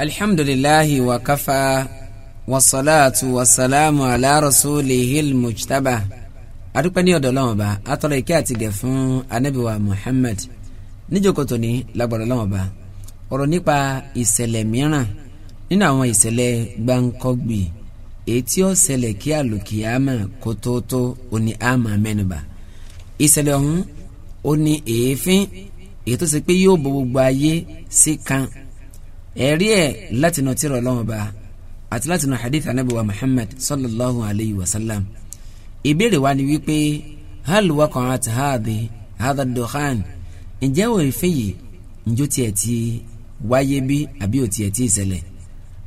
alhamdulilahi wa kafa wasalaatu wasalaamu ala rasulihi mujtaba adúpẹ́ ní ọ̀dọ̀ Ọlọ́run Ọba atọrọ ìkẹ́ àti gẹ̀ fún anabiwa Muhammad níjókòtò ní lágbọdọ Ọlọ́run Ọba ọ̀rọ̀ nípa ìṣẹ̀lẹ̀ mìíràn nínú àwọn ìṣẹ̀lẹ̀ gbáǹkọgbì èyí tí ó ṣẹlẹ̀ kí àlùkìyàmà kó tóótó òní àmà mẹ́nubà ìṣẹ̀lẹ̀ ọ̀hún òní èéfín èyí tó ṣe pé yóò bọ gbogbo ayé sí kan. Si ẹ̀rí ẹ̀ látinú tírà Ọlọ́run Ọba àti látinú hadith anabi wa Muhammad sallallahu alayhi wa sallam ìbéèrè wa ni wípé hal waqa'at hadhi hadha ad-dukhan ǹjẹ́ wò ife yìí ǹjọ́ tiẹ̀ ti wáyé bí àbí ò tiẹ̀ ti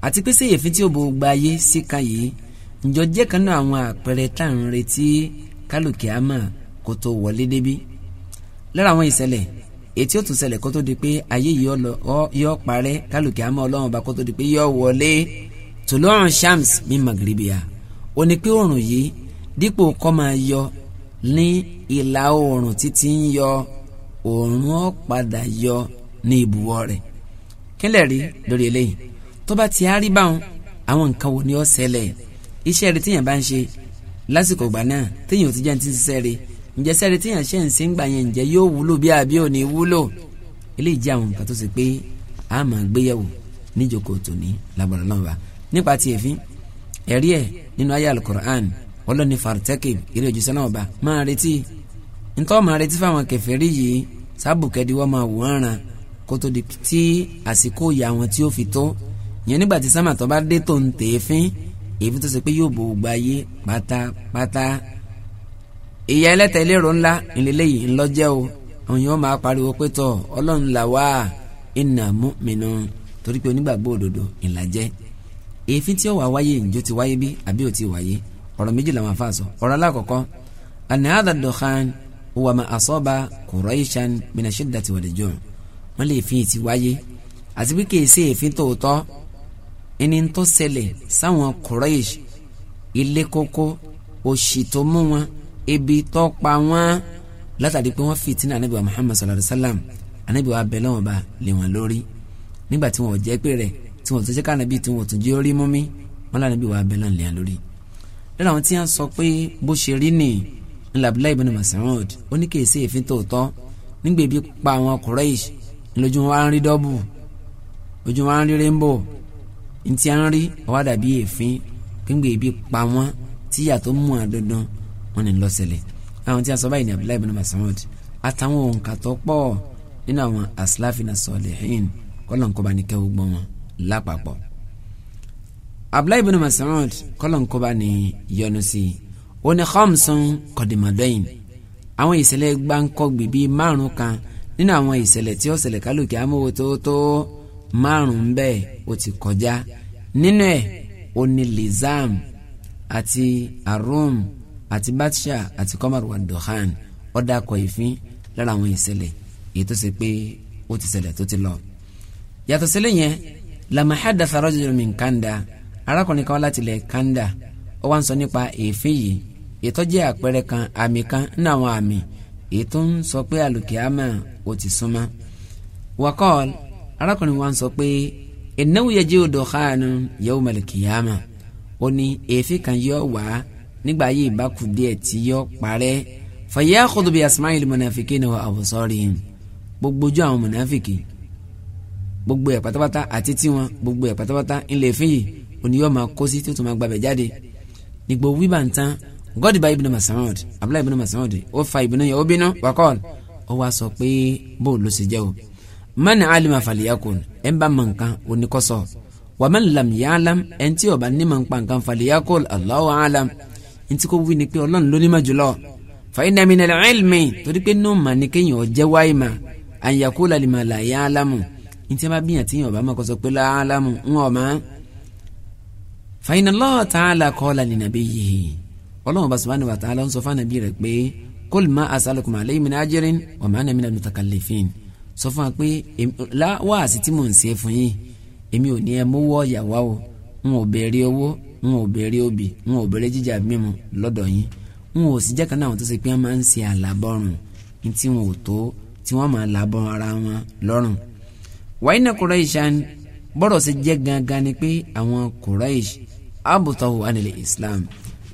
àti pé fi tí o bò gba ayé síka yìí Njo jẹ́ kan náà àwọn tá à ń retí kálukì tó wọlé ètí ó tún ṣẹlẹ̀ kó tó di pé ayé yìí yọ parẹ́ kálukì àmọ́ ọlọ́run bá kó tó di pé yọ wọlé tòlóhàn shams mi magribiya ó ní pé oòrùn yìí dípò kó máa yọ ní ìlà oòrùn títí ń yọ oòrùn ó padà yọ ní ibùwọ̀ rẹ̀ kílẹ̀ rí lórí eléyìí tó bá ti á báwọn àwọn nǹkan wo ni ó ṣẹlẹ̀ iṣẹ́ rẹ̀ tíyàn bá ń ṣe lásìkò ìgbà náà téèyàn ò ti jẹ́ ní ti ṣiṣẹ́ rẹ̀ ǹjẹ́ sẹ́rẹ̀ tí yàn ṣe ń sìn gbà yẹn ǹjẹ́ yóò wúlò bí àbí ò ní wúlò eléyìí jẹ́ àwọn nǹkan tó ṣe pé a máa gbéyẹ̀wò níjókòó tòní lágbára Ọlọ́run bá nípa ti èéfín ẹ̀rí ẹ̀ nínú ayé alukur'an ọlọ́ni farutekib eré ojúṣe náà bá máa retí ntọ́ máa retí fáwọn kèfèrí yìí sábùkẹ́dì wọ́n máa wò ń ran kó tó di tí àsìkò ìyà wọn tí ó fi tó yẹn nígbà tí sámà bá dé tó ń tèéfín èéfín tó ṣe pé yóò bò ó gba pátápátá ìyá ẹlẹ́tẹ̀ lérò ńlá ìlélẹ́yìí ńlọ́jẹ́ o àwọn yóò máa pariwo pé tọ ọlọ́run là wá inna mu'minun torí pé onígbàgbọ́ òdodo ìlà jẹ́ èéfín tí ó wà wáyé ìjó ti wáyé bí àbí ò ti wáyé ọ̀rọ̀ méjì làwọn afa sọ ọ̀rọ̀ alákọ̀ọ́kọ́ àná àdàdọ̀kan wà asọ́ba Quraishan mina shiddati wal juu wọ́n lè fi ti wáyé àti bí kèésì èéfín tòótọ́ ẹni tó ṣẹlẹ̀ sáwọn Quraish ilé kókó òṣì mú wọn ebi tó pa wọ́n látàrí pé wọ́n fìtínà anabi wa muhammad sallallahu alaihi wa sallam anabi wa bẹ̀lẹ̀ wọn ba lé wọn lórí nígbà tí wọn ò jẹ́ pé rẹ̀ tí wọn ò tún jẹ́ kánabi tí wọn tún jẹ́ orí mú mi wọn lànà bí wa bẹ̀lẹ̀ lé wọn lórí. lọ́la wọn ti hàn sọ pé bó ṣe rí ni ńlá abdullahi ibn mas'ud ó ní kèsì èéfín tòótọ́ nígbà ebi pa àwọn Quraysh lójú wọn á ń rí dọ́bù ojú wọn á ń rí rainbow ntí á rí ọwọ́ dàbí èéfín nígbà ebi pa wọn tíyà tó mú àdọ́dán wọn ni lọ́sẹ̀lẹ̀ àwọn tí a sọ báyìí ni abdullahi ibn masoud àtàwọn òǹkà tó pọ̀ nínú àwọn aslafina sọ̀lẹ̀hìn kọ́lọ̀nkọ́ba ní kẹ́wọ́ gbọ́n wọn lápapọ̀ abdullahi ibn masoud kọ́lọ̀nkọ́ba ní yọ́nú sí i ó ní khamsun kọ̀dìmọ̀dọ́yìn àwọn ìṣẹ̀lẹ̀ gbáǹkọ́gbì bíi márùn kan nínú àwọn ìṣẹ̀lẹ̀ tí ó ṣẹlẹ̀ kálukì amówó tó tó márùn bẹ́ẹ̀ ó ti kọjá nínú ẹ̀ ó ní lizam àti arum àti Batsha àti Qamar wa Dukhan ó dákọ̀ ìfín lára àwọn ìṣẹ̀lẹ̀ èyí tó ṣe pé ó ti ṣẹlẹ̀ tó ti lọ. yàtọ̀ sílẹ̀ yẹn lama haddatha rajulun min Kanda arákùnrin kan láti ilẹ̀ Kanda ó wá ń sọ nípa èéfín yìí ètò jẹ́ àpẹẹrẹ kan àmì kan ní àwọn àmì ètò ń sọ pé alùkìámà ó ti súnmọ́. wakọ́ọ̀l arákùnrin wa ń sọ pé innahu yaji'u dukhanun yawmal qiyamah ó ní èéfín kan yóò wá nígbà yìí bá kù díẹ̀ tí yọ parẹ́ fàyà kọ́dọ̀bí asmail mọ̀nàfíkì ni wọ́n àbọ̀sọ́rì yìí gbogbo ojú àwọn mọ̀nàfíkì gbogbo ẹ̀ pátápátá àti tiwọn gbogbo ẹ̀ pátápátá ńlẹ̀ fún yìí oníyọ́ máa kó sí tó tún máa gbàbẹ̀ jáde nígbò wíwà ń tán gọ́dìbà ibn Mas'ud abúlé ibn Mas'ud ó fa ìbínú yẹn ó bínú wakọ́l ó wá sọ pé bó ló ṣe jẹ́ o mọ́nà alima faliyakun ẹ̀ ń bá mọ̀ nǹkan oníkọ́sọ̀ wàmẹ́ńlám yàlám ẹ̀ ń tí ọ̀bá ní mọ̀ nǹkan faliyakun Allahu alam ntí kò wí ni pé ọlọ́run ló ní ma jùlọ fàyínà mi nàlẹ́ ẹ̀lmì torí pé nù mà ní kéèyàn ọ̀jẹ́ wáyé mà àyàkó làlìmọ̀ là yá álámù ntí a bá bíyàn tí yàn ọba má kọ́ sọ pé là álámù ń wọ̀ má. fàyínà lọ́ọ̀ tààlà kọ́ làlìnà bí yìí ọlọ́run bá sọ fún àwọn tààlà sọ fún ànàbí rẹ̀ pé kol ma asalukum alayhi min ajirin wa ma ana minal mutakallifin sọ fún wa pé wáàsí tí mò ń ṣe fún yín èmi ò ní ẹ mówó ọ̀yà o n ò béèrè owó wọn ò béèrè obì wọn ò béèrè jíjà mímu lọ́dọ̀ yín wọn ò sì jẹ́ kan náà tó ṣe pé wọ́n máa ń ṣe àlàbọ̀rùn ní tí wọn ò tó tí wọ́n máa làbọ̀ ara wọn lọ́rùn. wàyí náà Quraishan bọ́rọ̀ ṣe jẹ́ gangan ni pé àwọn Quraish abutahu anilẹ̀ Islam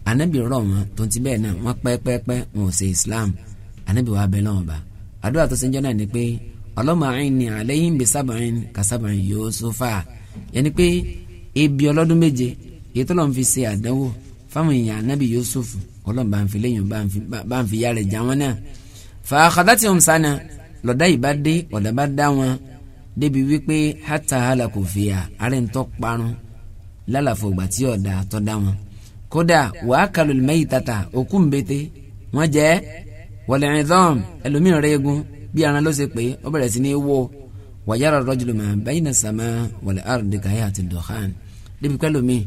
anabi rọ̀ wọn tó ti bẹ́ẹ̀ náà wọ́n pẹ́ẹ́pẹ́ẹ́pẹ́ wọn ò ṣe Islam anabi wa bẹ́ẹ̀ náà bá àdúrà tó ṣe ń jọ́ náà ni pé Allahumma inni alayhim bi sab'in ka sab'i Yusufa yẹn ni pé ebi ọlọ́dún méje èyí tó lọ́n fi ṣe àdánwò fáwọn èèyàn anábì Yusuf ọlọ́n bá ń fi léyìn bá ń fi yára jà wọn náà fàákàtà tí wọn sànà lọ́dá ìbá dé ọ̀dà bá dá wọn débi wípé hátà hàlà kò fi hà àárẹ̀ parun lálàfo ìgbà tí ọ̀dà tọ́ dá wọn kódà wàá kàlù mẹ́yì tata òkú mbete wọ́n jẹ́ wọlé ẹ̀dọ́n ẹlòmíràn rẹ̀ egun bí aran ló ṣe pé ó bẹ̀rẹ̀ sí ní wó wàyára rọ́jùlùmọ̀ bẹ́yìn náà sàmà wọlé àrùn dìgbà yà àti dọ̀hán débi pẹ́lú mi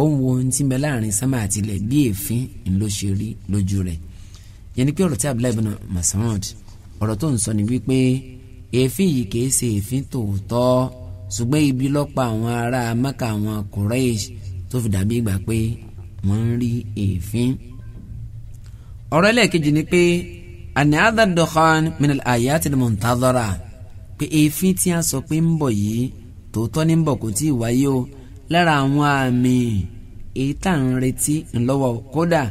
ó ń wo ohun tí ń bẹ láàrin sánmà àti ilẹ̀ bí èéfín ló ṣe rí lójú rẹ̀ yẹn ni pé ọ̀rọ̀ tí Abdullahi ibn Mas'ud ọ̀rọ̀ tó ń sọ ni wípé èéfín yìí kìí ṣe èéfín tòótọ́ ṣùgbọ́n ibi lọ́pọ̀ àwọn ará Mẹ́kà àwọn Quraysh tó fi dàbí ìgbà pé wọ́n ń rí èéfín. ọ̀rọ̀ ẹlẹ́ẹ̀kejì ni pé àní adadokhan minal ayatil muntadhara pé èéfín tí a sọ pé ń bọ̀ yìí tòótọ́ ní ń bọ̀ kò tí ì wáyé o lára àwọn àmì èyí tá à ń retí ńlọ́wọ́ kódà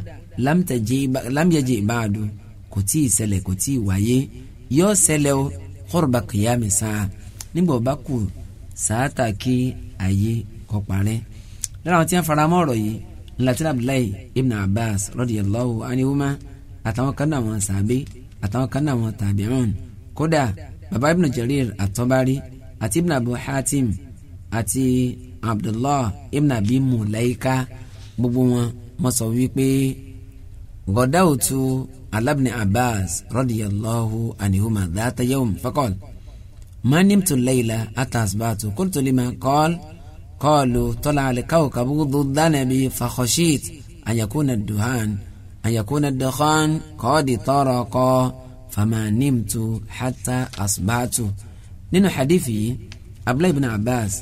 lámìyẹjì ìbáàdù kò tí ì ṣẹlẹ̀ kò tí ì wáyé yóò ṣẹlẹ̀ o kọ́rọ̀bà kìyàmì sáà nígbà ọba kù sáàtà kí ayé kọ parẹ́ lára àwọn tí wọ́n fara mọ́ ọ̀rọ̀ yìí ńlátìrì Abdullahi ibn Abbas radiyallahu anihuma àtàwọn kan náà wọn sàbẹ àtàwọn kan náà wọn kódà baba ibn Jarir àtọ́bárí àti ibn Abu Hatim àti abdullah ibn abi mulaika gbogbo wọn wọ́n sọ wípé gọdáwùtú alabni abbas rọdìyàlláhu anihuma dàtà yawm fakọl mánimtu layla atasbatu kultu lima kọ́l kọ́ọ̀lù tọ́lá àlìkáwò kabudu dánàbí fakhashit ayakuna duhan ayakuna dukhan kọ́ọ̀dì tọrọ kọ́ famanimtu hata asbatu nínú xadìfì abdullahi ibn abbas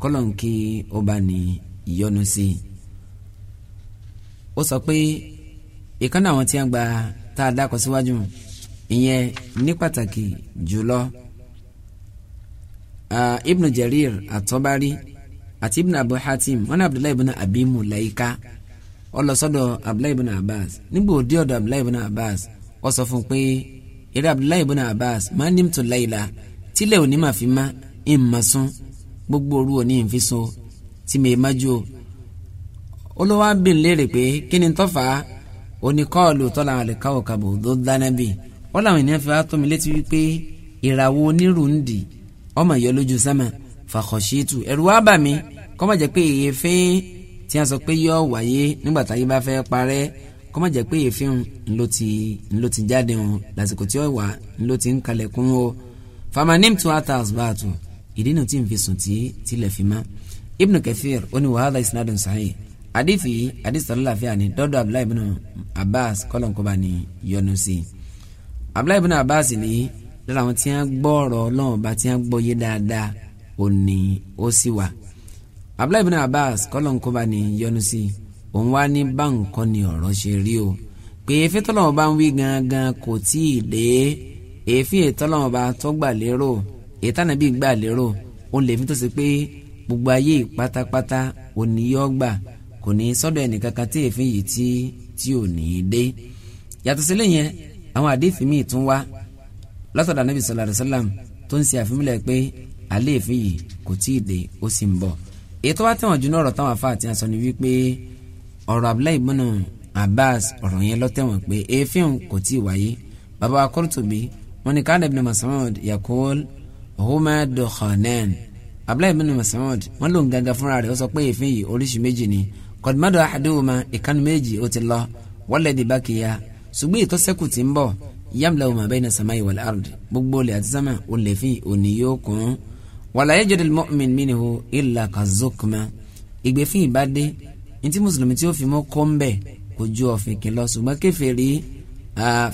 kọ́lọ́n kí ó bá ní ìyọ́nú sí i. ó sọ pé ìkànnì àwọn tí a ń gba tá a dákọ̀ síwájú ìyẹn ní pàtàkì jùlọ Ibn Jarir àtọ́bárí àti Ibn Abu Hatim wọn ní Abdullahi ibn Abi Mulaika ó lọ sọ́dọ̀ Abdullahi ibn Abbas nígbà òde ọ̀dọ̀ Abdullahi ibn Abbas ó sọ fún un pé eré Abdullahi ibn Abbas máa ń ní mùtò láìla tílẹ̀ òní màá fi má ìmọ̀ sún gbogbo òru òní ìfisùn tí mi májú o olówó abin léèrè pé kí ni tọ́fà oníkọ́ọ̀lù tọ́lá àlèkà òkàbò tó dáná bì wọ́n làwọn ènìyàn fi wá tó mi létí wípé ìràwọ̀ onírùndì ọmọ ìyọ lójú sámà fàkọ̀ṣìtù ẹ̀rù wá bà mí kọ́mọ jẹ́ pé èéfín tí a sọ pé yọ wáyé nígbà táyé bá fẹ́ parẹ́ kọ́mọ jẹ́ pé èéfín ńlọ ti ńlọ ti jáde hàn lásìkò tí ó wà ńlọ ti ń kalẹ̀kùn o fàmà nímtù àtàsbàtù ìdínà tí n fi sùn tí tilẹ̀ fi má. ibn kathir oní wàhálà isnadun sahih àdìfì àdìsọ̀lọ́láfíà ni dọ́dọ̀ abdullahi ibn abbas kọ́lọ̀nkọ́ba ni yọnu sí i. abdullahi ibn abbas ni lára àwọn tí wọ́n gbọ́ ọ̀rọ̀ ọlọ́run bá tí wọ́n gbọ́ yé dáadáa ò ní ó sì wà. abdullahi ibn abbas kọ́lọ̀nkọ́ba ni yọnu sí i òun wá ní báńkọ́ ni ọ̀rọ̀ ṣe rí o pé èéfín tọ́lọ́wọ́n bá ń wí gangan kò tíì dé èéfín ìtọ́lọ́wọ́n bá tó lérò ìtànà bíi gbà lérò ó lè fi tó ṣe pé gbogbo ayé pátápátá òní yọ gbà kò ní sọ́dọ̀ ẹnìkankan tí èéfín yìí tí tí ò ní í dé yàtọ̀ sí lẹ́yìn àwọn àdéhìí míì tún wá látọ̀dọ̀ anábì sallallahu alaihi wasallam tó ń ṣe àfimúlẹ̀ pé àléèfín yìí kò tí ì dé ó sì ń bọ̀ èyí tó wá tẹ̀wọ̀n jù náà ọ̀rọ̀ táwọn afá àti àṣọ ni wípé ọ̀rọ̀ Abdullahi ibn Abbas ọ̀rọ̀ yẹn lọ́tẹ̀wọ̀n pé èéfín kò tí ì wáyé bàbá wa Qurtubi wọ́n ní káàdà huma dukhanan abdullahi bin masamud wọn lòun gangan fúnra rẹ̀ ó sọ pé èéfín yìí oríṣi méjì ni kọdùmọdọ àdéhùnmá ìkànnì méjì ó ti lọ wọlé di bá kìíya ṣùgbọ́n ètò sẹ́kù ti ń bọ̀ yamlaw ma bayna samai wal ard gbogbo olè àti sámà olè fi òní yóò kún wala yajidul mu'min minhu illa kazukma ìgbẹ́fín ìbádé ntí mùsùlùmí tí ó fi mọ́ kọ́ ń bẹ̀ kò ju ọ̀fìnkì lọ ṣùgbọ́n kèfèrí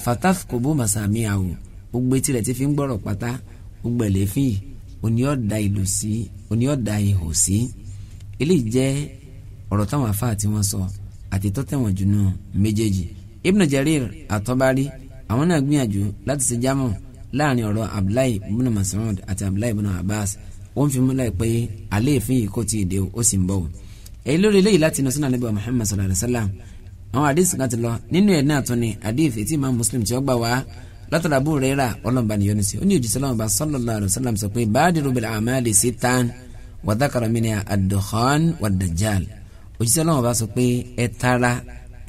fataf kò bó màsàmì àwò gbogbo etí rẹ̀ ti fi ń gbọ́rọ̀ pátá gbogbo ẹlẹ́fì òní ọ̀dà ìlú sí òní ọ̀dà ihò sí eléyìí jẹ́ ọ̀rọ̀ táwọn afáà tí wọ́n sọ àti tọ́tẹ̀wọ̀n jù méjèèjì Ibn Jarir àtọ́bárí àwọn náà gbìyànjú láti ṣe jámọ̀ láàrin ọ̀rọ̀ Abdullahi ibn Mas'ud àti Abdullahi ibn Abbas wọ́n fi múlẹ̀ pé àléèfín yìí kò tí ì dé ó sì ń bọ̀ o. èyí lórí eléyìí láti inú sunan Nabi Muhammad sallallahu alayhi wa sallam àwọn àdìsí kan ti lọ nínú ẹ̀ náà tún ni àdìsí tí Imam Muslim ti ọgbà wá látara Abu Huraira ọlọ́mba nìyọ́ ni sí ó ní òjì sọlọ́mù bá sallallahu alaihi wasallam sọ pé badiru bil a'mali sittan wa dhakara minha ad-dukhan wad-dajjal òjì sọlọ́mù bá sọ pé ẹ tara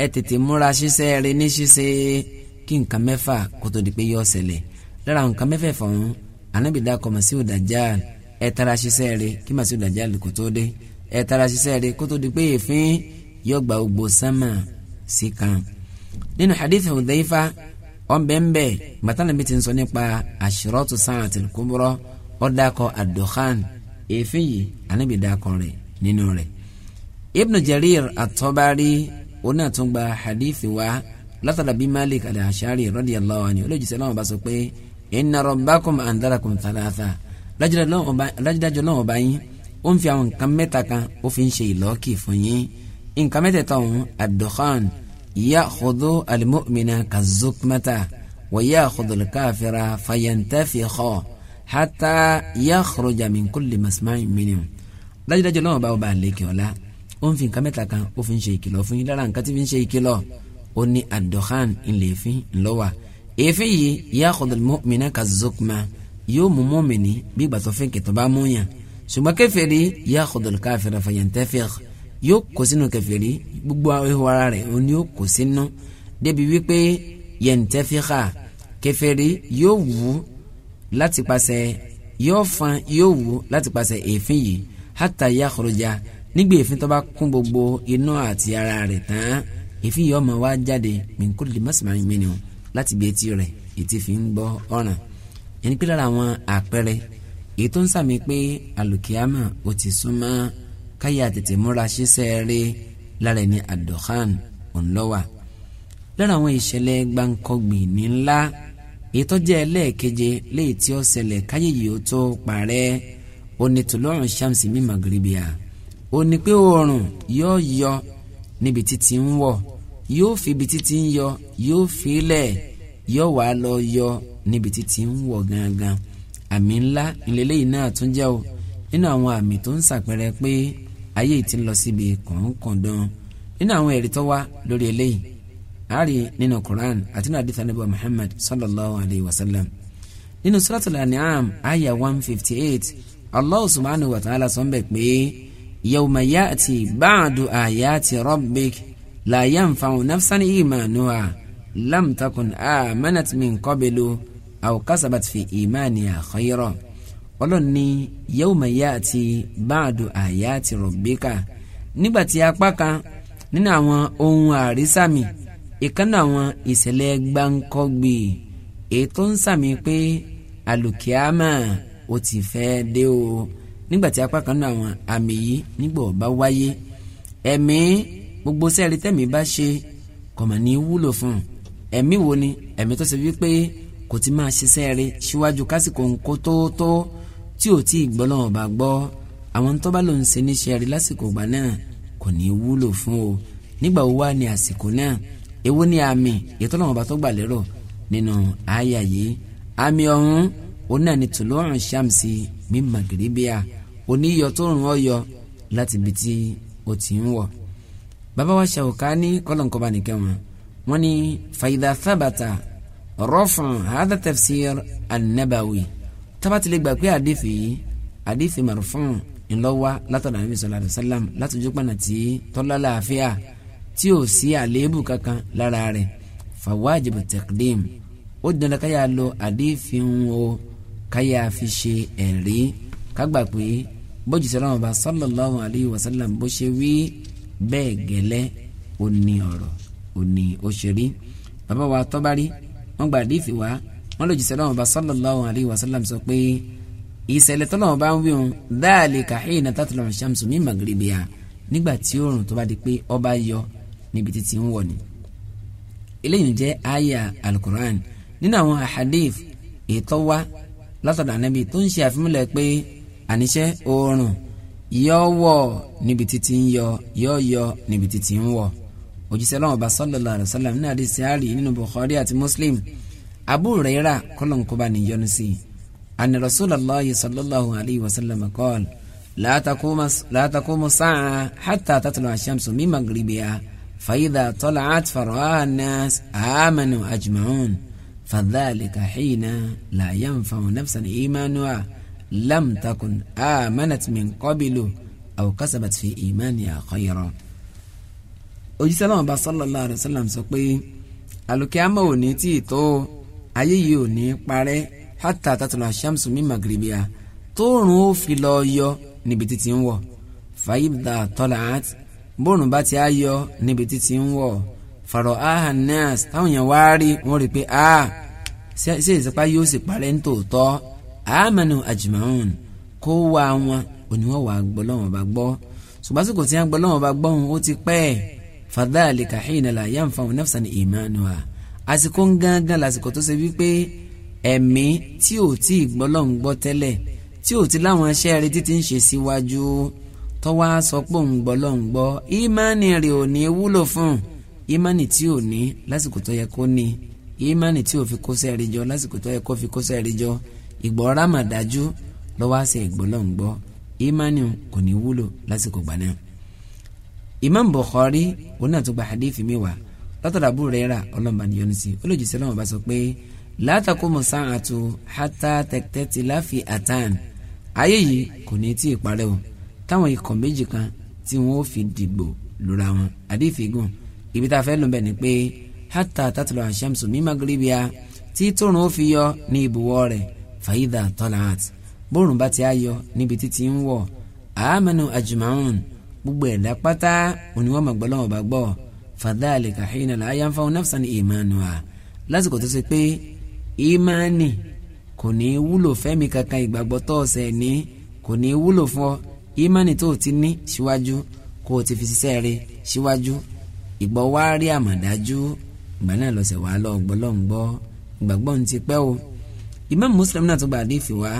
ẹ tètè múra ṣiṣẹ́ rẹ ní ṣiṣẹ́ kí nǹkan mẹ́fà kó tó di pé yọ ṣẹlẹ̀ lára nǹkan mẹ́fẹ̀ẹ̀fà ọ̀hún Ànábì dákọ̀ Masihu Dajjal ẹ tara ṣiṣẹ́ rẹ kí Masihu Dajjal kó tó dé ẹ tara ṣiṣẹ́ rẹ kó tó di pé èéfín yọgbà gbogbo sánmà sí kan nínú hadith Hudhayfa ọ̀nbẹ̀nbẹ̀ gbàtànàbí ti ń sọ nípa àṣírọ́tù sáàtì kúbúrọ́ ó dákọ̀ àdùkán èéfín yìí ànábì rẹ̀ nínú rẹ̀. ibnu jarir àtọ́bárí onátúngba hadithi wa látara bí malik al-ashari radiyallahu anhu olójúṣe náà bá sọ pé inna rabbakum andarakum thalatha lájúdájọ́ náà ọba yín ó ń fi àwọn nǹkan mẹ́ta kan ó fi ń ṣe ìlọ́kì fún yín nǹkan mẹ́tẹ̀ẹ̀ta ọ̀hún àdùkán ya'khudhu al-mu'mina kazukmata wa ya'khudhu al-kafira fayantafikha hatta yakhruja min kulli masma'in minhu. dájúdájú náà bá ọba àlekè ọ̀la ó ń fi nǹkan mẹ́ta kan ó fi ń ṣe ìkìlọ̀ fún yín lára nǹkan tí fi ń ṣe ìkìlọ̀ ó ní adọ̀hán ńlẹ̀fín ńlọ́wà èéfín yìí ya'khudhu al-mu'mina kazukma yóò mú mọ́mìnì bí ìgbà tó fẹ́ bá mú yàn ṣùgbọ́n kèfèrí ya'khudhu al-kafira fayantafikha yóò kó sínú kèfèrí gbogbo ihò ara rẹ̀ òun yóò kó sínú débi wípé yẹ̀ǹtẹ́fíkà kèfèrí yóò wú láti pàṣẹ yóò fan yóò wú láti pàṣẹ èéfín yìí hátà yá kọrọjà nígbà èéfín tó bá kún gbogbo inú àti ara rẹ̀ tán èéfín yìí ọmọ wa jáde mìkúrò lè mọ́sàmáà mìíràn láti bí etí rẹ̀ ètí fi ń gbọ́ ọ̀ràn yẹn ni pé àwọn àpẹẹrẹ èyí tó ń sàmì pé àlùkìyàmà ó ti súnmọ́ káyà tètè múra ṣiṣẹ́ rí lára ẹni àdùkán ònlọ́wà lára àwọn ìṣẹ̀lẹ̀ gbáǹkọ́gbìn ní ńlá ìtọ́jẹ́ ẹlẹ́ẹ̀keje léyìí tí ó ṣẹlẹ̀ káyé yìí ó tó parẹ́ onítùlọ́rùn ṣàmùsí mi màgìrìbìà ó ní pé oòrùn yóò yọ níbi títí ń wọ̀ yóò fi ibi títí ń yọ yóò fi lẹ̀ yóò wá lọ yọ níbi títí ń wọ̀ gangan àmì ńlá ìlélẹ́yìn náà tún jẹ́ o nínú àwọn àmì tó ń ṣàpẹẹrẹ pé ayé ti lọ síbi kọ̀ọ̀kọ̀ọ̀dán nínú àwọn ẹ̀rí tó wá lórí eléyìí àárí nínú Quran àti nínú àdìsá níbà Muhammad sallallahu alayhi wa sallam nínú suratul An'am àyà one fifty eight Allah subhanahu wa ta'ala sọ bẹ́ẹ̀ pé yawma ya'ti ba'du ayati rabbik la yanfa'u nafsan imanuha lam takun amanat min qablu aw kasabat fi imaniha khayran ọlọ́run ní yawma ya'ti ba'du ayati rabbika nígbà tí apá kan nínú àwọn ohun àrísàmì ìkànnà àwọn ìṣẹ̀lẹ̀ gbáǹkọ́gbì ètò ń sàmì pé alùkìámà ó ti fẹ́ dé o nígbà tí apá kan nínú àwọn àmì yìí nígbà ó wáyé ẹ̀mí gbogbo sẹ́ẹ̀rì tẹ̀mí bá ṣe kọ̀mọ̀ ní wúlò fún ẹ̀mí wo ni ẹ̀mí tó ṣe wípé kò ti máa ṣiṣẹ́ rẹ̀ síwájú kásìkò ńkó tó tí ò tí ì gbọ́ lọ́wọ́ bá gbọ́ àwọn tó bá lòun ṣe níṣẹ́ rí lásìkò ìgbà náà kò ní í wúlò fún o nígbà wo wá ní àsìkò náà èwo ni àmì ètò lọ́wọ́ bá tó gbà lérò nínú àyà yìí àmì ọ̀hún òun náà ni tòlóòrùn ṣàmùsì mí màgìrìbíà oníyọ tó rùn ọyọ láti ibi tí o ti ń wọ̀ bàbá wa Ṣàwùkání kọ́lọ̀nkọ́ba nìkẹ́ wọn wọ́n ní fàyídà sábàtà rọ́fùn hádà tafsir tábà ti lè gbà pé àdìfì yìí àdìfì marufun ńlọ́wọ́ látọ̀dọ̀ ànábì sallallahu alaihi wasallam látọjú pàna tí tọ́lá làáfíà tí ò sí àléébù kankan lára rẹ̀ fàwájìbù tẹ̀kídìm ó dandan káyà lo àdìfì ń wo káyà fi ṣe ẹ̀rí kágbà pé bójú sọ̀rọ̀ wọn bá sallallahu alaihi wasallam bó ṣe wí bẹ́ẹ̀ gẹ́lẹ́ ó ní ọ̀rọ̀ ó ní ó ṣe rí bàbá wa wọ́n gbà àdìfì wá wọ́n lò jìṣẹ́ lọ́wọ́ bá sallallahu alayhi wa sallam sọ pé ìṣẹ̀lẹ̀ tó lọ́wọ́ bá ń wíwọn dhalika hina tatlu'u shamsu min maghribiha nígbà tí oòrùn tó bá di pé ó bá yọ níbi títí ń wọ̀ ni. eléyìí jẹ́ àyà alukur'an nínú àwọn ahadif ètò wa látọ̀dọ̀ ànábì tó ń ṣe àfimúlẹ̀ pé àníṣe oòrùn yọ wọ̀ níbi títí ń yọ yọ yọ níbi títí ń wọ̀ òjíṣẹ́ lọ́wọ́ bá sallallahu alayhi wa abu rẹ́rà kọ́lọ́nkọ́ba níyọnu sí i àni rasulallah sallallahu alayhi wa sallam kọ́ọ̀lù látàkùmù sáà hàtà tàtàlù àṣàmùsù mí magribiya fàyídà tọ́lá àtfàrọ̀ ànàs àmànù àjùmáhùn fàdálìkà xìnà làyàn fàwọn nàfsàn ìmánuwa lam takùn àmànàt min kọ́bìlù aw kasabat fi ìmánì àkọ́yọ̀rọ̀. òjísàlámù bá sallallahu alayhi wa sallam sọ pé alùkìyàmọ̀ ò ní ayé yìí ò ní parẹ́ hátà tàtàlà sàmsù mi màgìrìbíà tóòrùn ó fi lọ yọ níbi títí ń wọ̀ fàyíbdà tọ́làt bóòrùn bá ti á yọ níbi títí ń wọ̀ fàrọ̀ ahanas táwọn èèyàn wá rí wọn rí pé a ṣe ìsapá yóò sì parẹ́ nítòótọ́ amanu ajmaun kó wá wọn oníwọ̀n wà gbọ́ bá gbọ́ ṣùgbọ́n tí wọ́n gbọ́ bá gbọ́ wọn ó ti pẹ́ fàdáàlì kàhínà yàǹfà wọn nafsan ìmánuha àsìkò ń gángan lásìkò tó ṣe wípé ẹ̀mí tí ò tí ì gbọ́ lọ́n gbọ́ tẹ́lẹ̀ tí ò tí láwọn iṣẹ́ rẹ títí ń ṣe síwájú tọ́wá sọ pé òun gbọ́ lọ́n gbọ́ ìmánì rẹ̀ ò ní wúlò fún ìmánì tí ò ní lásìkò tó yẹ kó ní ìmánì tí ò fi kó sẹ́ẹ̀rì jọ lásìkò tó yẹ kó fi kó sẹ́ẹ̀rì jọ ìgbọ́ rámà dájú lọ́wọ́ àṣẹ ìgbọ́ lọ́n gbọ́ ìmánì kò ní wúlò lásìkò gbà náà Imam Bukhari òun tó gba hadith mi wá látọ̀dọ̀ Abu Huraira ọlọ́mọba ni yọ́nù sí i olójúṣe náà bá sọ pé la taqumu sa'atu hatta taqtatila fi'atan ayé yìí kò ní tí ì parẹ́ o táwọn ikọ̀ méjì kan tí wọ́n ó fi dìgbò lura wọn àdéfigùn ibi tá a fẹ́ lò bẹ́ẹ̀ ni pé hatta tatlu ash-shamsu min tí tóorùn ó fi yọ ní ibùwọ̀ rẹ̀ fa idha tala'at bá ti á yọ níbi títí ń wọ̀ amanu ajma'un gbogbo ẹ̀dá pátá òní wọ́n fadhalika hina la yanfa'u nafsan imanuha lásìkò tó ṣe pé ìmánì kò ní í wúlò fẹ́mi kankan ìgbàgbọ́ tó ọ̀sẹ̀ ní kò ní í wúlò fún ọ ìmánì tó ti ní síwájú kó o ti fi ṣiṣẹ́ rẹ síwájú ìgbọ́ wá rí àmọ̀dájú ìgbà náà lọ́sẹ̀ wàá lọ gbọ́lọ́ngbọ́ ìgbàgbọ́ ń ti pẹ́ o Imam Muslim náà tó gba àdéhìí wá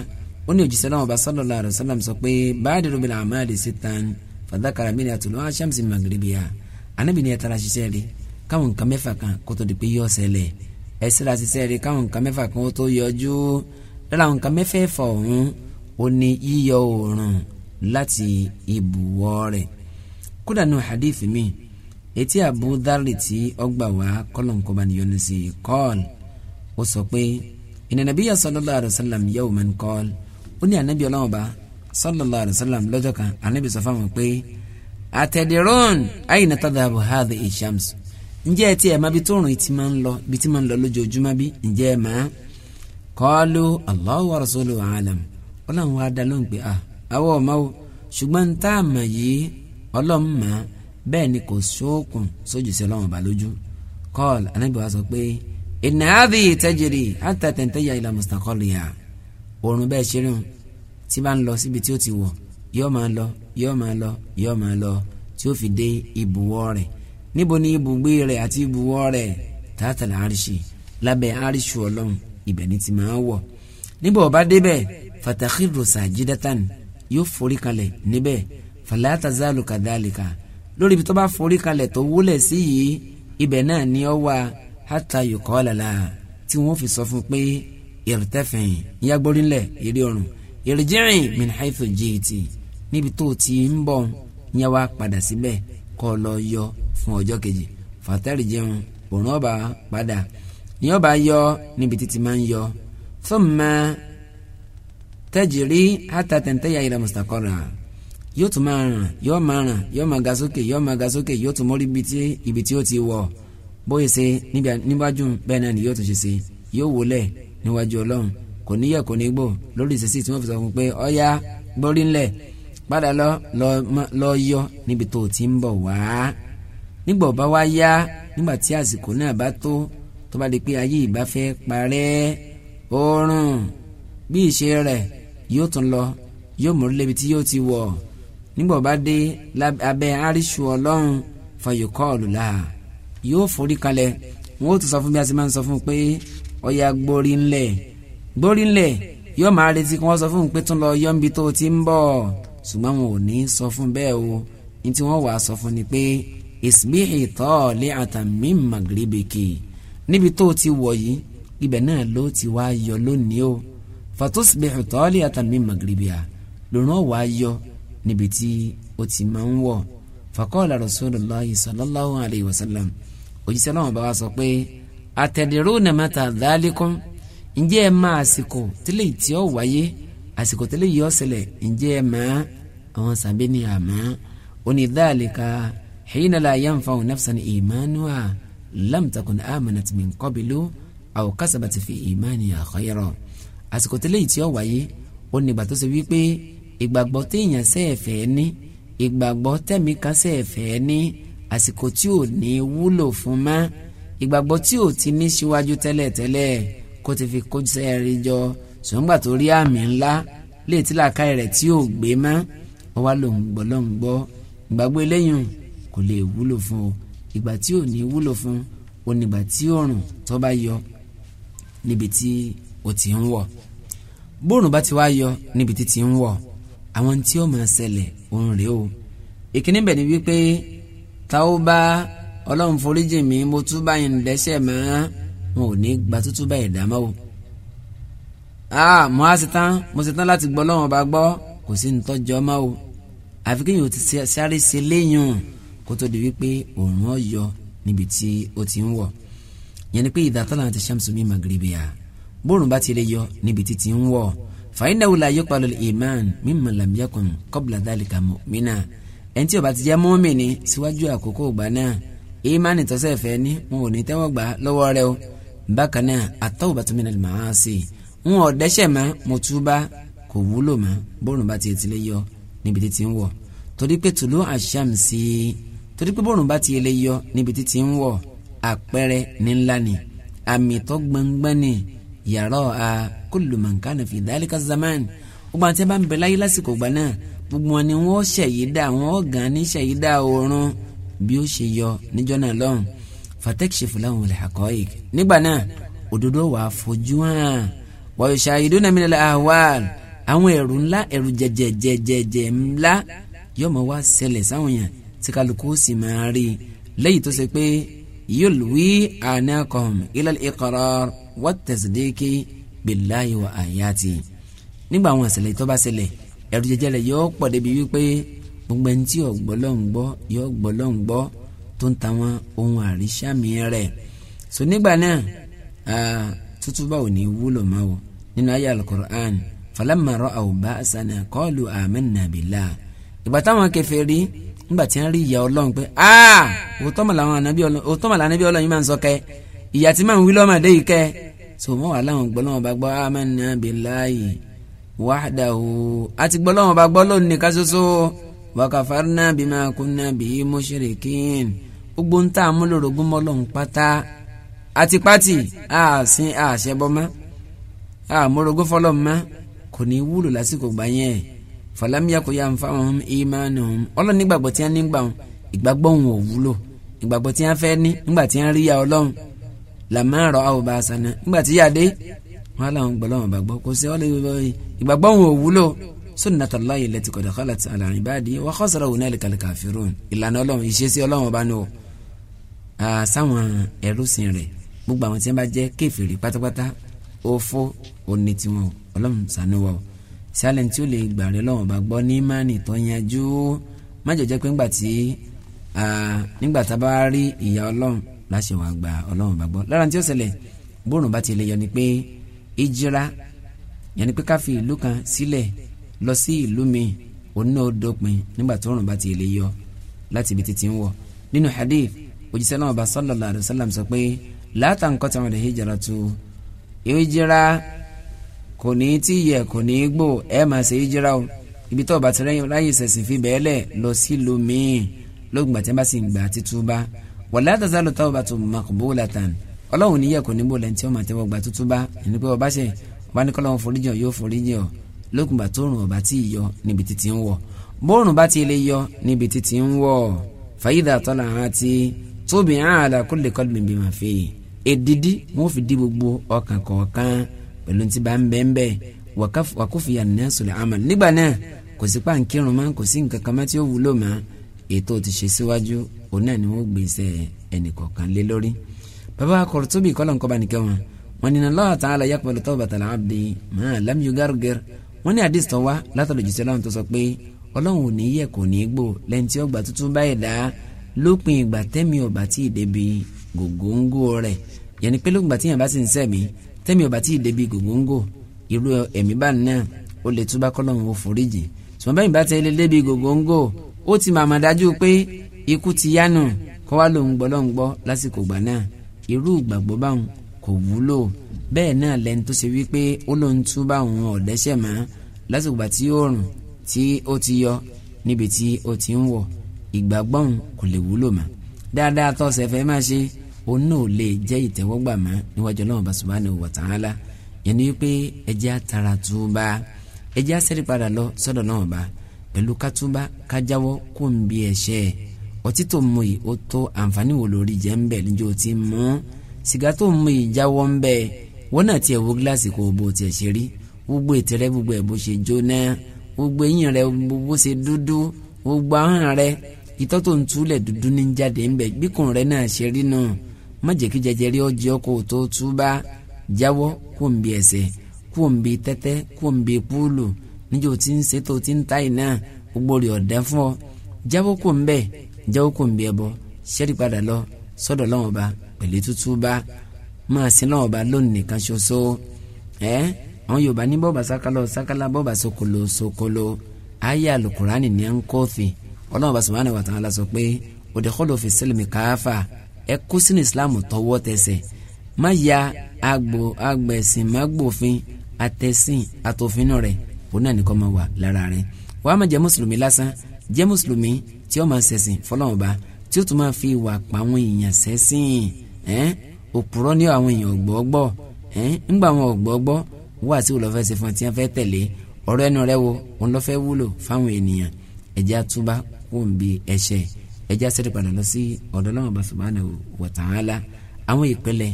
ó ní òjíṣẹ́ náà ọba sallallahu alaihi wasallam sọ pé báàdì rúbìlà àmàlì sí tan fàdákàrà mílíọ̀tù lọ́wọ́ àṣàmùsí màgìrìbìyà anabi ni ẹ tara ṣiṣẹ́ rí káwọn nǹkan mẹ́fà kan kó tó di pé yọ ṣẹlẹ̀ ẹ síra ṣiṣẹ́ rí káwọn nǹkan mẹ́fà kan ó tó yọjú lára àwọn nǹkan mẹ́fẹ̀ẹ̀fà ọ̀hún ó ní yíyọ oòrùn láti ibùwọ̀ rẹ̀ kódà nù hadith mi etí Abu Dharri tí ọgbà wá kọlọ̀nkọba níyọnu sí kọ́ọ̀l ó sọ pé inna nabiyya sallallahu alayhi wa sallam yawman qala ó ní ànábì ọlọ́wọ́ba sallallahu alayhi wa sallam lọ́jọ́ kan ànábì sọ fáwọn pé àtẹ̀dẹ̀rọ́n àyìnà tàdàbò hàdà ìṣàmùs ǹjẹ́ ẹ ti ẹ̀ máa bi tó rùn ti máa ń lọ ibi tí máa ń lọ lójoojúmọ́ bí ǹjẹ́ ẹ máa kọ́ọ́lù Allahu wa rasuluhu alam wọ́n làwọn wá dá lóhùn pé à ah, àwọ̀ ọ̀ma o ṣùgbọ́n tá a mà yìí ọlọ́mà bẹ́ẹ̀ ni kò sókun sójú sí ọlọ́run ọba lójú kọ́ọ̀lù anábì wa sọ pé ìnà àbí ìtẹ́jìrì àtàtẹ̀ntẹ́yà ìlà mùsàkọ́lù yà òòrùn bẹ́ẹ̀ ṣe rìn tí bá ń lọ síbi tí ó ti wọ̀ yóò máa lọ yóò máa lọ yóò máa lọ tí ó fi dé ibùwọ̀ rẹ̀ níbo ni ibùgbé rẹ̀ àti ibùwọ̀ rẹ̀ tààtàlà àríṣì lábẹ́ àríṣù ọlọ́run ibẹ̀ ni ti máa wọ̀ níbo ọba débẹ̀ fàtàkì rosa jidatan yóò forí kalẹ̀ níbẹ̀ fàlàtà zálù kàdálìkà lórí ibi tó bá forí kalẹ̀ tó wúlẹ̀ sí yìí ibẹ̀ náà ni ó wà hátà yòkọ́ làlà tí wọ́n fi sọ fún pé ìrìtẹ́fẹ̀yìn yàgbórí ńlẹ̀ ìrí ọ̀run ìrìjẹ́rìn min haythu jìtì níbi tó ti ń bọ̀ yẹn wá padà síbẹ̀ kọ́ lọ yọ fún ọjọ́ kejì fàtẹ́rì jẹun òun ọba padà yẹn ọba yọ níbi títí máa ń yọ thumma tajri hatta tantahi ila mustaqarra yóò tún máa ràn yóò máa ràn yóò máa ga sókè yóò máa ga sókè yóò tún mórí ibi tí ó ti wọ̀ bóyá ṣe níwájú bẹ́ẹ̀ náà ni yóò tún ṣe ṣe yóò wọlẹ̀ níwájú ọlọ́run kò níyẹ̀ kò ní gbò lórí ìṣesí tí wọ́n fi sọ fún pé ọ̀ya gbórí ńlẹ̀ padà lọ lọ yọ níbi tó o ti ń bọ̀ wá nígbà ọba wa yá nígbà tí àsìkò náà bá tó tó bá di pé ayé ìbá fẹ́ parẹ́ oorun bí ìṣe rẹ̀ yóò tún lọ yóò mú lébi tí yóò ti wọ̀ nígbà ọba dé abẹ́ àríṣù ọlọ́run fàyòkọ́ọ̀lù là yóò forí kalẹ̀ wọn ó tún sọ fún bí a ti máa ń sọ fún un pé ọya gbórí ńlẹ̀ gbórí ńlẹ̀ yóò máa retí kí wọ́n sọ fún un pé tún lọ yọ́nbi tó ti ń bọ̀ ọ́ ṣùgbọ́n wọn ò ní sọ fún bẹ́ẹ̀ o ní tí wọ́n wàá sọ fún ni pé ìsìbíhì tọ́ọ̀lì àtàmì màgìrìbìkì níbi tó ti wọ̀ yìí ibẹ̀ náà ló ti wá yọ lónìí o fàtúsìbíhì tọ́ọ̀lì àtàmì màgìrìbìà lòrán wà á yọ níbi tí ó ti máa ń wọ̀ fàkọ́ọ̀lá rasulillah sallallahu alayhi wa sallam òjíṣẹ́ náà bá wa sọ pé àtẹ̀dẹ̀rú nàmẹ́ta dáálíkún ǹjẹ́ ẹ máa àsìkò tílé tí ó wáyé àsìkò tẹ́lẹ̀ yìí ọ̀sẹ̀lẹ̀ ǹjẹ́ ẹ mọ̀ ọ́ àwọn sàbẹ̀ ni àmọ́ òní dáàlìkà hìnnà la yanfa'u nafsan ìmánuà lam takun amanat min qablu fi ìmánuà khayra àsìkò tẹ́lẹ̀ yìí tí ó wáyé òní ìgbà tó ṣe wípé ìgbàgbọ́ téèyàn sẹ́ẹ̀fẹ́ ní ìgbàgbọ́ tẹ̀mí kan sẹ́ẹ̀fẹ́ ní àsìkò tí ò ní wúlò fún mọ́ ìgbàgbọ́ tí ò ti ní síwájú tẹ́lẹ̀tẹ́lẹ̀ kó ti fi kó sẹ́ẹ̀rí jọ ṣùgbọ́n tó rí àmì ńlá lè tí làákà rẹ̀ tí ò gbé mọ́ ọ wá lòun gbọ́ lòun gbọ́ ìgbàgbọ́ eléyìí kò lè wúlò fún o ìgbà tí ò ní wúlò fún o nígbà tí òòrùn tó bá yọ níbi tí o ti ń wọ̀ bóòrùn bá ti wá yọ níbi tí ti ń wọ̀ àwọn tí ó máa ṣẹlẹ̀ òun rèé o ìkíní bẹ̀ ni wípé táwọn bá ọlọ́run foríjì mi mo tún báyìí ń dẹ́ṣẹ̀ mọ́ wọn ò ní gba tútú báyìí dámọ́ o ah mo á ṣetán mo ṣetán láti gbọ́ lọ́wọ́n bá gbọ́ kò sí nítọ́jọ́ mọ́ o àfi kéèyàn ti sáré ṣe léyìn kó tó di wípé òòrùn ó yọ níbi tí ó ti ń wọ̀ yẹn ni pé idha tala'at shamsu min maghribiha bóòrùn bá ti lè yọ níbi tí ti ń wọ̀ fa la yuqbalu al-iman mimman lam yakun qabla dhalika mu'mina ẹni tí ó bá ti jẹ́ mùmínì síwájú àkókò ìgbà náà ìmánì tọ́sẹ̀ ni wọn ò ní tẹ́wọ́ gbà lọ́wọ́ rẹ o bákan náà at-tawbatu min al-ma'asi ń wọ̀ dẹ́ṣẹ̀ mọ́ mo túbá kò wúlò mọ́ bóòrùn bá tiẹ̀ tilẹ̀ yọ níbi títí ń wọ̀ torí pé tùlú àṣàmùsí torí pé bóòrùn bá tiẹ̀ lè yọ níbi títí ń wọ̀ àpẹẹrẹ ńlá ni àmì tó gbọngbọ́n ni yàrá a kullu man kana fi dhalika zaman gbogbo àti bá ń bẹ láyé lásìkò gbà náà gbogbo wọn ni wọn ṣẹ̀yídà wọn gan ní ṣẹ̀yídà oorun bí ó ṣe yọ níjọ́ náà lọ́hùn fatakshif lahumul haqa'iq nígbà náà òdodo wàá fojú hàn wọ̀yọ̀ṣàyẹ̀dọ́nà mi lọ́la ahwal àwọn ẹ̀rù ńlá ẹ̀rù jẹjẹjẹjẹjẹ ńlá yóò máa wá ṣẹlẹ̀ sáwọn yẹn tí kálukú sì máa rí lẹ́yìn tó ṣe pé yulwi anakum ila al-iqrar wa tasdiki billahi wa ayati nígbà àwọn ìṣẹ̀lẹ̀ tó bá ṣẹlẹ̀ ẹ̀rù jẹjẹrẹ yóò pọ̀ débi wípé gbogbo ẹni tí tútúbà ò ní wúlò má o nínú ayé alukur'an falamma ra'aw ba'sana qalu amanna billah ìgbà táwọn kèfèrí nígbà tí wọ́n rí ìyà Ọlọ́run pé aa òótọ́ mà làwọn ànábì Ọlọ́run yìí máa ń sọ kẹ́ ìyà tí máa ń wí lọ́mọdé yìí kẹ́ so mọ́ wà láwọn gbọ́ lọ́wọ́ bá gbọ́ amanna billahi wahdahu àti gbọ́ lọ́wọ́ bá gbọ́ lónìí nìkan ṣoṣo wa kafarna bima kunna bihi mushrikin gbogbo ń tà á múlò pátá àti pátì àsìn àṣẹbọ mọ́ àmúrogún fọlọ́ mọ́ kò ní wúlò lásìkò gbà yẹn fàlámìyà kò yá nfa wọn ìmánu ọlọ́run nígbàgbọ́ tí wọ́n ní gbà wọn ìgbàgbọ́ wọn ò wúlò ìgbàgbọ́ tí wọ́n fẹ́ ní nígbà tí wọ́n rí ya ọlọ́run làmárọ̀ àwòbá àṣànà nígbà tí yàdé wọn làwọn gbọ́ lọ́wọ́ gbàgbọ́ kò sí ọlọ́run ìgbàgbọ́ wọn ò wúlò sunnatullahi kafirun ìlànà ọlọ́run ìṣesí ọlọ́run ọba ni o sáwọn ẹrú gbogbo àwọn tí wọn bá jẹ́ kèfèrí pátápátá òfo òní tiwọn ọlọ́run ṣàánú wa o sálẹ̀ tí ó lè gbà rẹ lọ́wọ́n bá gbọ́ ní mánì tó yanjú májọ̀jẹ́ pé ńgbà tí nígbà tá a bá rí ìyá ọlọ́run láṣẹ wàá gba ọlọ́run bá gbọ́ lára tí ó ṣẹlẹ̀ bóòrùn bá ti lè yọ ni pé ìjìra yẹn pé ká ìlú kan sílẹ̀ lọ sí ìlú mi oní odòpin nígbà tó rùn bá ti lè yọ láti ibi títí ń wọ̀ nínú hadith òjíṣẹ́ náà bá sallallahu alaihi sọ pé látàǹkọ́tà wọn lè hijira tu hijira kò ní tí yẹ kò ní gbò ẹ máa ṣe hijira o ibi tó o bá ti ráyè sẹ̀sìn fi bẹ́ẹ̀ lẹ̀ lọ sílùú míì lóògùn àti bá sì ń gbà títúbà wala tazalu tawbatu maqbulatan ọlọ́run níyẹ kò ní bò lẹ́ni tí ó máa tẹ́wọ́ gbà tútúbà ẹni pé ọba ṣe ọba ní kọ́lọ́run foríjì ọ yóò foríjì ọ lóògùn bá tóòrùn ọba tí ì yọ níbi títí ń wọ̀ bóòrùn bá ti lè yọ níbi títí ń wọ̀ fàyídà tọ́lá àti tóbi àlà kulli qalbin bima èdìdí wọn fi di gbogbo ọkàn kọ̀ọ̀kan pẹ̀lú ti bá ń bẹ́ẹ̀ bẹ́ẹ̀ wàkófìyà ní ẹ̀sùlẹ̀ àmà nígbà náà kò sí pàǹkìrùn mọ́ kò sí nǹkan kan mọ́ tí ó wúlò mọ́ ètò ti ṣe síwájú òun náà ni wọ́n gbé iṣẹ́ ẹnìkọ̀ọ̀kan lé lórí. bàbá Qurtubi kọ́lọ̀ nǹkan bá nìkẹ́ wọn wọn ni Allah ta'ala yaqbalu tawbatal abdi ma lam yugargir wọn ní àdìs tó wá látọ̀dọ̀ jùsẹ̀ láwọn tó sọ pé ọlọ́run ò ní yẹ kò ní gbò lẹ́yìn tí ọgbà tuntun báyìí dá lópin ìgbà tẹ́mi ọ̀bà tí ì débi gògóńgò rẹ̀ yẹn ni pé lóògbà tí yẹn bá sì ń sẹ̀mí tẹ́mi ọ̀bà tí ì débi gògóńgò irú ẹ̀mí bá náà ó lè túbá kọ́lọ́hún ó foríjì ṣùgbọ́n bẹ́ẹ̀ bá tẹ́ ilé débi gògóńgò ó ti màmá dájú pé ikú ti yánu kọ́ wá lòun gbọ́ lòun gbọ́ lásìkò gbà náà irú ìgbàgbọ́ báwọn kò wúlò bẹ́ẹ̀ náà lẹ́ni tó ṣe wípé ó lòun túbá òun ọ̀dẹ́ṣẹ̀ mọ́ lásìkò gbà tí oòrùn tí ó ti yọ níbi tí ó ti ń wọ̀ ìgbàgbọ́n kò lè wúlò mọ́ dáadáa tó ṣẹ̀fẹ̀ máa ṣe òun náà ò lè jẹ́ ìtẹ́wọ́gbà mọ́ níwájú ọlọ́run bá subhanahu wa yẹn ni wípé ẹjẹ́ àtàrà túbà ẹjẹ́ àṣẹ́rí padà lọ sọ́dọ̀ náà bá pẹ̀lú kátúbà kájáwọ́ kó ń bí ẹ̀ṣẹ̀ ọtí tó mú yìí ó tó àǹfààní wò lórí jẹ́ ń bẹ̀ níjó ti mú sìgá tó mú yìí jáwọ́ ń bẹ̀ wọ́n náà tiẹ̀ wo gíláàsì kò bó tiẹ̀ ṣe rí gbogbo ètè rẹ gbogbo ẹ̀ bó ṣe jóná gbogbo eyín rẹ bó ṣe dúdú gbogbo ahọ́n rẹ ìtọ́ tó ń túlẹ̀ dúdú ní jáde ń bẹ̀ gbíkùn rẹ náà ṣe rí náà má jẹ́ kí jẹjẹrẹ ọjọ́ kó tó túbá jáwọ́ kó ń bi ẹ̀ṣẹ̀ kó ń bi tẹ́tẹ́ kó ń bi púùlù níjẹ́ o ti ń ṣe tó ń ta iná gbogbo rẹ̀ ọ̀dẹ́ fún ọ jáwọ́ kó ń bẹ̀ jáwọ́ kó ń bi ẹbọ ṣẹ́rí padà lọ sọ́dọ̀ lọ́wọ́ ba pẹ̀lú tútú bá máa sin lọ́wọ́ ba lónìí nìkan ṣoṣo ẹ́ àwọn Yorùbá ní bọ́ọ̀bà sákàlọ́ sákàlá bọ́ọ̀bà sokolo sokolo ayé alukurani ní à ń kọ́ọ̀fì Ọlọ́hun Subhanahu wa ta'ala sọ pé òdìkọ́lò fi sílùmí káfà ẹ kó sínú islam tọwọ tẹsẹ má ya agbo agbẹ̀sìn má gbòfin atẹ̀sìn àtòfinú rẹ òun náà nìkan máa wà lára rẹ̀ wàá má jẹ́ mùsùlùmí lásán jẹ́ mùsùlùmí tí ó máa ṣẹ̀sìn fọlọ́wọ́n bá tí ó tún máa fi ìwà pa èèyàn ṣẹ̀sìn ẹ́n òpùrọ́ ní àwọn èèyàn ọ̀gbọ́gbọ́ ẹ́n ńgbà àwọn ọ̀gbọ́gbọ́ wà tí ṣe fún ọ tí wọ́n fẹ́ tẹ̀lé ọ̀rọ̀ ẹnu rẹ wo òun fáwọn ènìyàn bi ẹ̀ṣẹ̀ ẹjẹ́ àṣírí padà lọ sí ọ̀dọ̀ lọ́wọ́ subhanahu wa ta'ala àwọn ìpele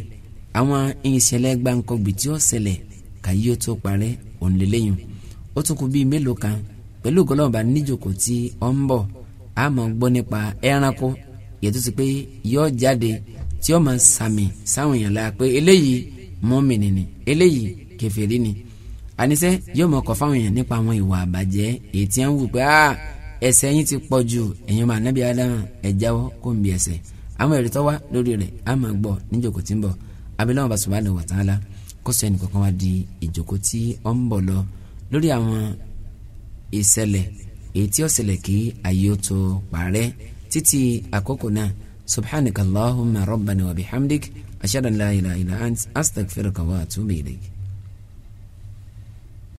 àwọn ìṣẹ̀lẹ̀ gbàǹkọ̀gbì tí ó ṣẹlẹ̀ kàyí ó tó parẹ́ òun lélẹ́yìn ó tún kù bíi mélòó kan pẹ̀lú ìgọ́lọ́ọ̀bá níjòkó tí ó ń bọ̀ a máa gbọ́ nípa ẹranko yẹtù sí pé yọ jáde tí ó máa sàmì sáwọn èèyàn la pé eléyìí mọ́mìnì ni eléyìí kèfèrí ni àníṣe yóò máa kọ́ fáwọn èèyàn nípa àwọn ìwà àbàjẹ́ èyí tí wọ́n wù pé aah ẹ̀ṣẹ̀ yín ti pọ̀ jù ẹ̀yin ọmọ ànábì ádámù ẹ jáwọ́ kó ń bi ẹ̀ṣẹ̀ àwọn èrè tó lórí rẹ̀ á máa gbọ́ níjòkó ń bọ̀ abiláwọn bàṣọ wàá lọ wà tán la kó sọ ẹnìkankan wá di ìjòkó tí ó ń bọ̀ lọ lórí àwọn ìṣẹ̀lẹ̀ èyí tí ó ṣẹlẹ̀ kí ayé ó tó parẹ́ títí àkókò náà subhanakallahumma rabbana wa bihamdik ashhadu an la ilaha illa ant astaghfiruka wa atubu ilayk.